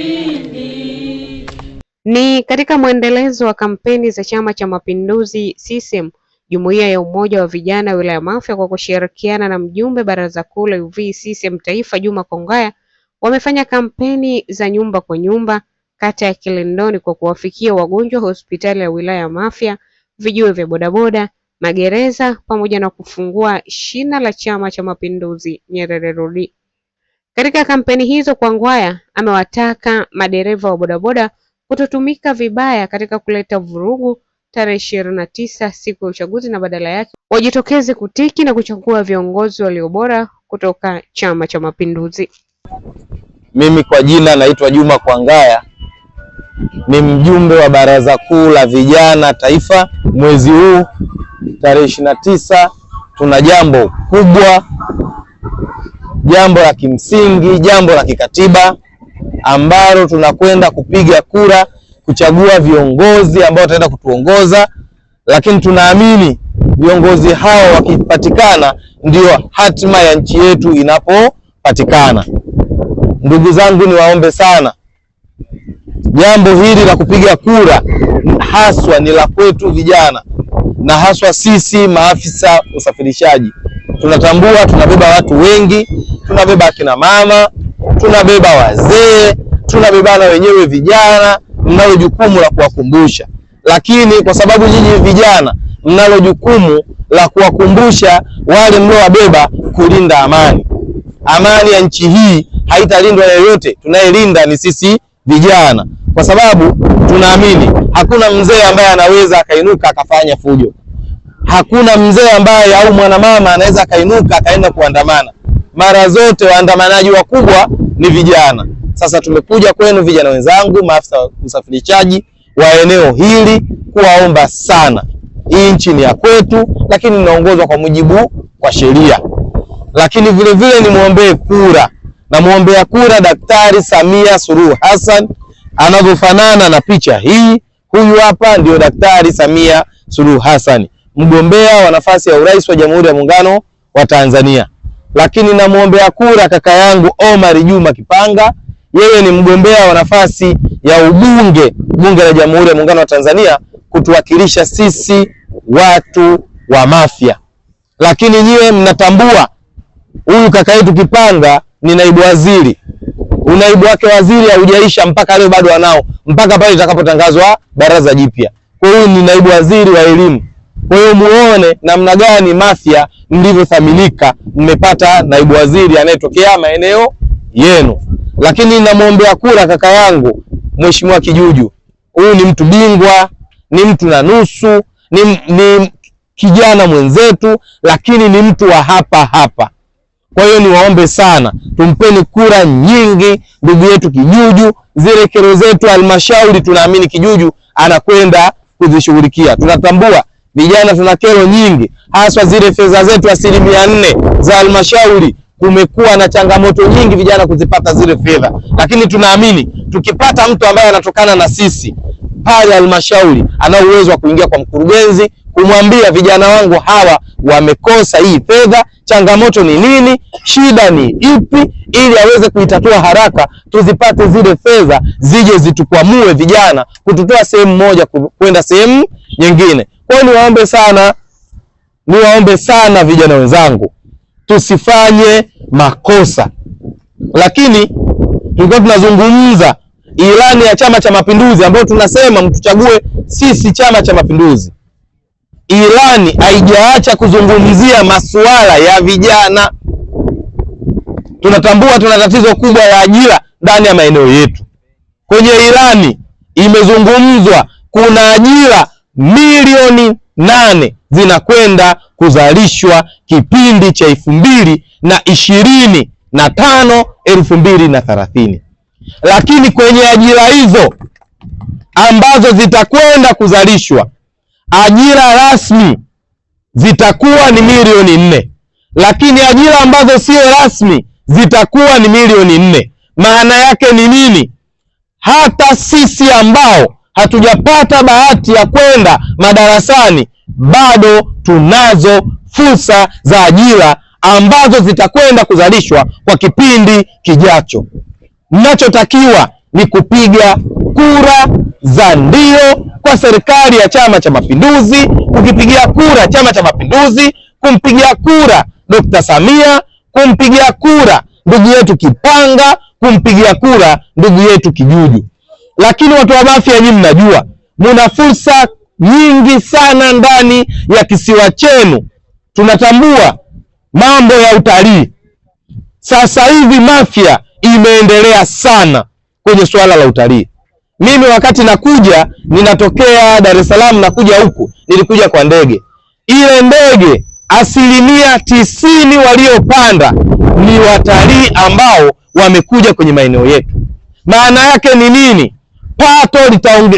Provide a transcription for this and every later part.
ushindi. Ni katika mwendelezo wa kampeni za Chama cha Mapinduzi CCM Jumuiya ya Umoja wa Vijana Wilaya Mafia kwa kushirikiana na mjumbe Baraza Kuu la UV CCM Taifa Juma Kongaya wamefanya kampeni za nyumba kwa nyumba kata ya Kilindoni kwa kuwafikia wagonjwa hospitali ya wilaya ya Mafia, vijiwe vya bodaboda, magereza pamoja na kufungua shina la Chama cha Mapinduzi Nyerere Road. Katika kampeni hizo Kwangwaya amewataka madereva wa bodaboda kutotumika vibaya katika kuleta vurugu tarehe ishirini na tisa siku ya uchaguzi na badala yake wajitokeze kutiki na kuchagua viongozi walio bora kutoka Chama cha Mapinduzi. Mimi kwa jina naitwa Juma Kwangaya, ni mjumbe wa Baraza Kuu la Vijana Taifa. Mwezi huu tarehe ishirini na tisa tuna jambo kubwa jambo la kimsingi, jambo la kikatiba ambalo tunakwenda kupiga kura kuchagua viongozi ambao wataenda kutuongoza, lakini tunaamini viongozi hao wakipatikana ndio hatima ya nchi yetu inapopatikana. Ndugu zangu, niwaombe sana, jambo hili la kupiga kura haswa ni la kwetu vijana na haswa sisi maafisa usafirishaji tunatambua tunabeba watu wengi, tunabeba akina mama, tunabeba wazee, tunabebana wenyewe vijana. Mnalo jukumu la kuwakumbusha, lakini kwa sababu nyinyi vijana mnalo jukumu la kuwakumbusha wale mliowabeba kulinda amani. Amani ya nchi hii haitalindwa na yeyote, tunayelinda ni sisi vijana, kwa sababu tunaamini hakuna mzee ambaye anaweza akainuka akafanya fujo hakuna mzee ambaye au mwanamama anaweza akainuka akaenda kuandamana. Mara zote waandamanaji wakubwa ni vijana. Sasa tumekuja kwenu vijana wenzangu, maafisa usafirishaji wa eneo hili, kuwaomba sana, hii nchi ni ya kwetu, lakini inaongozwa kwa mujibu kwa sheria. Lakini vile vile nimwombee kura na mwombea kura Daktari Samia Suluhu Hassan anavyofanana na picha hii. Huyu hapa ndio Daktari Samia Suluhu Hassan mgombea wa nafasi ya urais wa Jamhuri ya Muungano wa Tanzania, lakini namwombea kura kaka yangu Omar Juma Kipanga. Yeye ni mgombea wa nafasi ya ubunge bunge la Jamhuri ya Muungano wa Tanzania kutuwakilisha sisi watu wa Mafia. Lakini nyiwe mnatambua huyu kaka yetu Kipanga ni naibu waziri, unaibu wake waziri haujaisha mpaka leo, bado anao mpaka pale itakapotangazwa baraza jipya. Kwa hiyo ni naibu waziri wa elimu kwa hiyo muone namna gani Mafia mlivyothaminika, mmepata naibu waziri anayetokea maeneo yenu. Lakini namwombea kura kaka yangu Mheshimiwa Kijuju. Huyu ni mtu bingwa, ni mtu na nusu, ni, ni kijana mwenzetu, lakini ni mtu wa hapa hapa. Kwa hiyo niwaombe sana, tumpeni kura nyingi ndugu yetu Kijuju. Zile kero zetu halmashauri, tunaamini Kijuju anakwenda kuzishughulikia. Tunatambua Vijana tuna kero nyingi, haswa zile fedha zetu asilimia nne za halmashauri. Kumekuwa na changamoto nyingi vijana kuzipata zile fedha, lakini tunaamini tukipata mtu ambaye anatokana na sisi pale halmashauri, ana uwezo wa kuingia kwa mkurugenzi kumwambia vijana wangu hawa wamekosa hii fedha, changamoto ni nini, shida ni ipi, ili aweze kuitatua haraka, tuzipate zile fedha zije zitukwamue vijana kututoa sehemu moja kwenda sehemu nyingine. Kwa niwaombe sana, niwaombe sana vijana wenzangu, tusifanye makosa. Lakini tulikuwa tunazungumza ilani ya Chama cha Mapinduzi ambayo tunasema mtuchague sisi Chama cha Mapinduzi. Ilani haijaacha kuzungumzia masuala ya vijana. Tunatambua tuna tatizo kubwa la ajira ndani ya maeneo yetu. Kwenye ilani imezungumzwa kuna ajira milioni nane zinakwenda kuzalishwa kipindi cha elfu mbili na ishirini na tano elfu mbili na thelathini lakini kwenye ajira hizo ambazo zitakwenda kuzalishwa ajira rasmi zitakuwa ni milioni nne, lakini ajira ambazo sio rasmi zitakuwa ni milioni nne. Maana yake ni nini? Hata sisi ambao hatujapata bahati ya kwenda madarasani, bado tunazo fursa za ajira ambazo zitakwenda kuzalishwa kwa kipindi kijacho. Mnachotakiwa ni kupiga kura za ndio kwa serikali ya Chama cha Mapinduzi, kukipigia kura Chama cha Mapinduzi, kumpigia kura Dr. Samia, kumpigia kura ndugu yetu Kipanga, kumpigia kura ndugu yetu Kijuju. Lakini watu wa Mafia, nyinyi mnajua muna fursa nyingi sana ndani ya kisiwa chenu. Tunatambua mambo ya utalii, sasa hivi Mafia imeendelea sana kwenye suala la utalii. Mimi wakati nakuja, ninatokea Dar es Salaam nakuja huku, nilikuja kwa ndege. Ile ndege asilimia tisini waliopanda ni watalii ambao wamekuja kwenye maeneo yetu. Maana yake ni nini? pato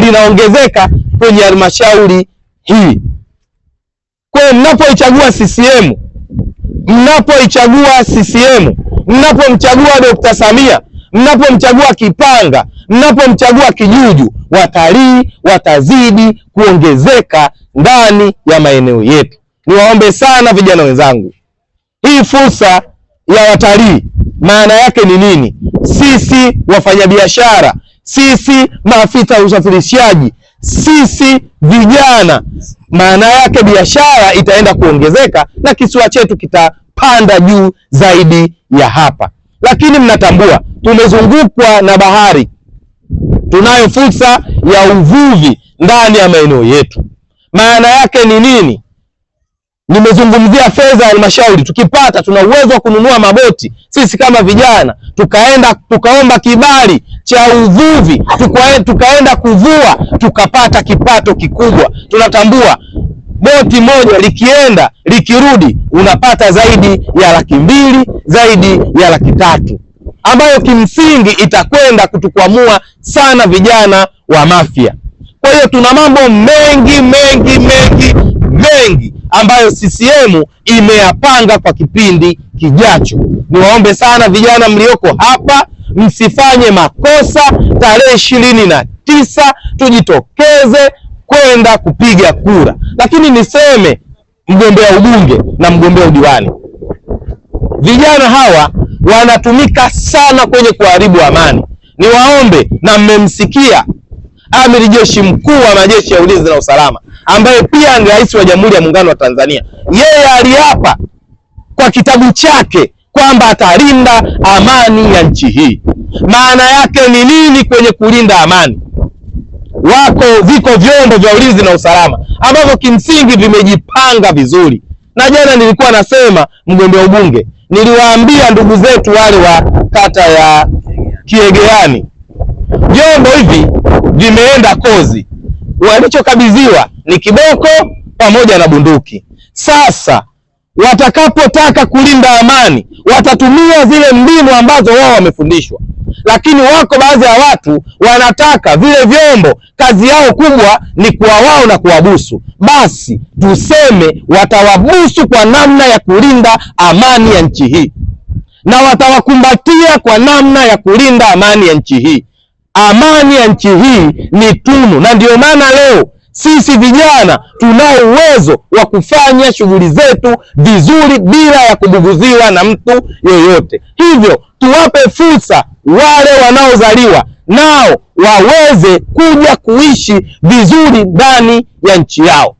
linaongezeka kwenye halmashauri hii. Kwa mnapoichagua CCM, mnapoichagua CCM, mnapomchagua Dr. Samia, mnapomchagua Kipanga, mnapomchagua Kijuju, watalii watazidi kuongezeka ndani ya maeneo yetu. Niwaombe sana vijana wenzangu, hii fursa ya watalii maana yake ni nini? Sisi wafanyabiashara sisi maafisa ya usafirishaji, sisi vijana, maana yake biashara itaenda kuongezeka na kisiwa chetu kitapanda juu zaidi ya hapa. Lakini mnatambua tumezungukwa na bahari, tunayo fursa ya uvuvi ndani ya maeneo yetu. Maana yake ni nini? Nimezungumzia fedha ya halmashauri, tukipata tuna uwezo wa kununua maboti sisi kama vijana, tukaenda tukaomba kibali cha uvuvi, tukaenda, kuvua, tukapata kipato kikubwa. Tunatambua boti moja likienda likirudi, unapata zaidi ya laki mbili, zaidi ya laki tatu, ambayo kimsingi itakwenda kutukwamua sana vijana wa Mafia. Kwa hiyo tuna mambo mengi mengi mengi mengi ambayo CCM imeyapanga kwa kipindi kijacho. Niwaombe sana vijana mlioko hapa msifanye makosa. Tarehe ishirini na tisa tujitokeze kwenda kupiga kura. Lakini niseme mgombea ubunge na mgombea udiwani, vijana hawa wanatumika sana kwenye kuharibu amani. Niwaombe na mmemsikia amiri jeshi mkuu wa majeshi ya ulinzi na usalama ambaye pia ni rais wa Jamhuri ya Muungano wa Tanzania. Yeye aliapa kwa kitabu chake kwamba atalinda amani ya nchi hii. Maana yake ni nini kwenye kulinda amani? Wako viko vyombo vya ulinzi na usalama ambavyo kimsingi vimejipanga vizuri, na jana nilikuwa nasema, mgombea ubunge, niliwaambia ndugu zetu wale wa kata ya Kiegeani, vyombo hivi vimeenda kozi walichokabidhiwa ni kiboko pamoja na bunduki. Sasa watakapotaka kulinda amani, watatumia zile mbinu ambazo wao wamefundishwa, lakini wako baadhi ya watu wanataka vile vyombo, kazi yao kubwa ni kuwa wao na kuwabusu. Basi tuseme watawabusu kwa namna ya kulinda amani ya nchi hii na watawakumbatia kwa namna ya kulinda amani ya nchi hii. Amani ya nchi hii ni tunu, na ndiyo maana leo sisi vijana tunao uwezo wa kufanya shughuli zetu vizuri bila ya kubuguziwa na mtu yoyote Hivyo tuwape fursa wale wanaozaliwa nao waweze kuja kuishi vizuri ndani ya nchi yao.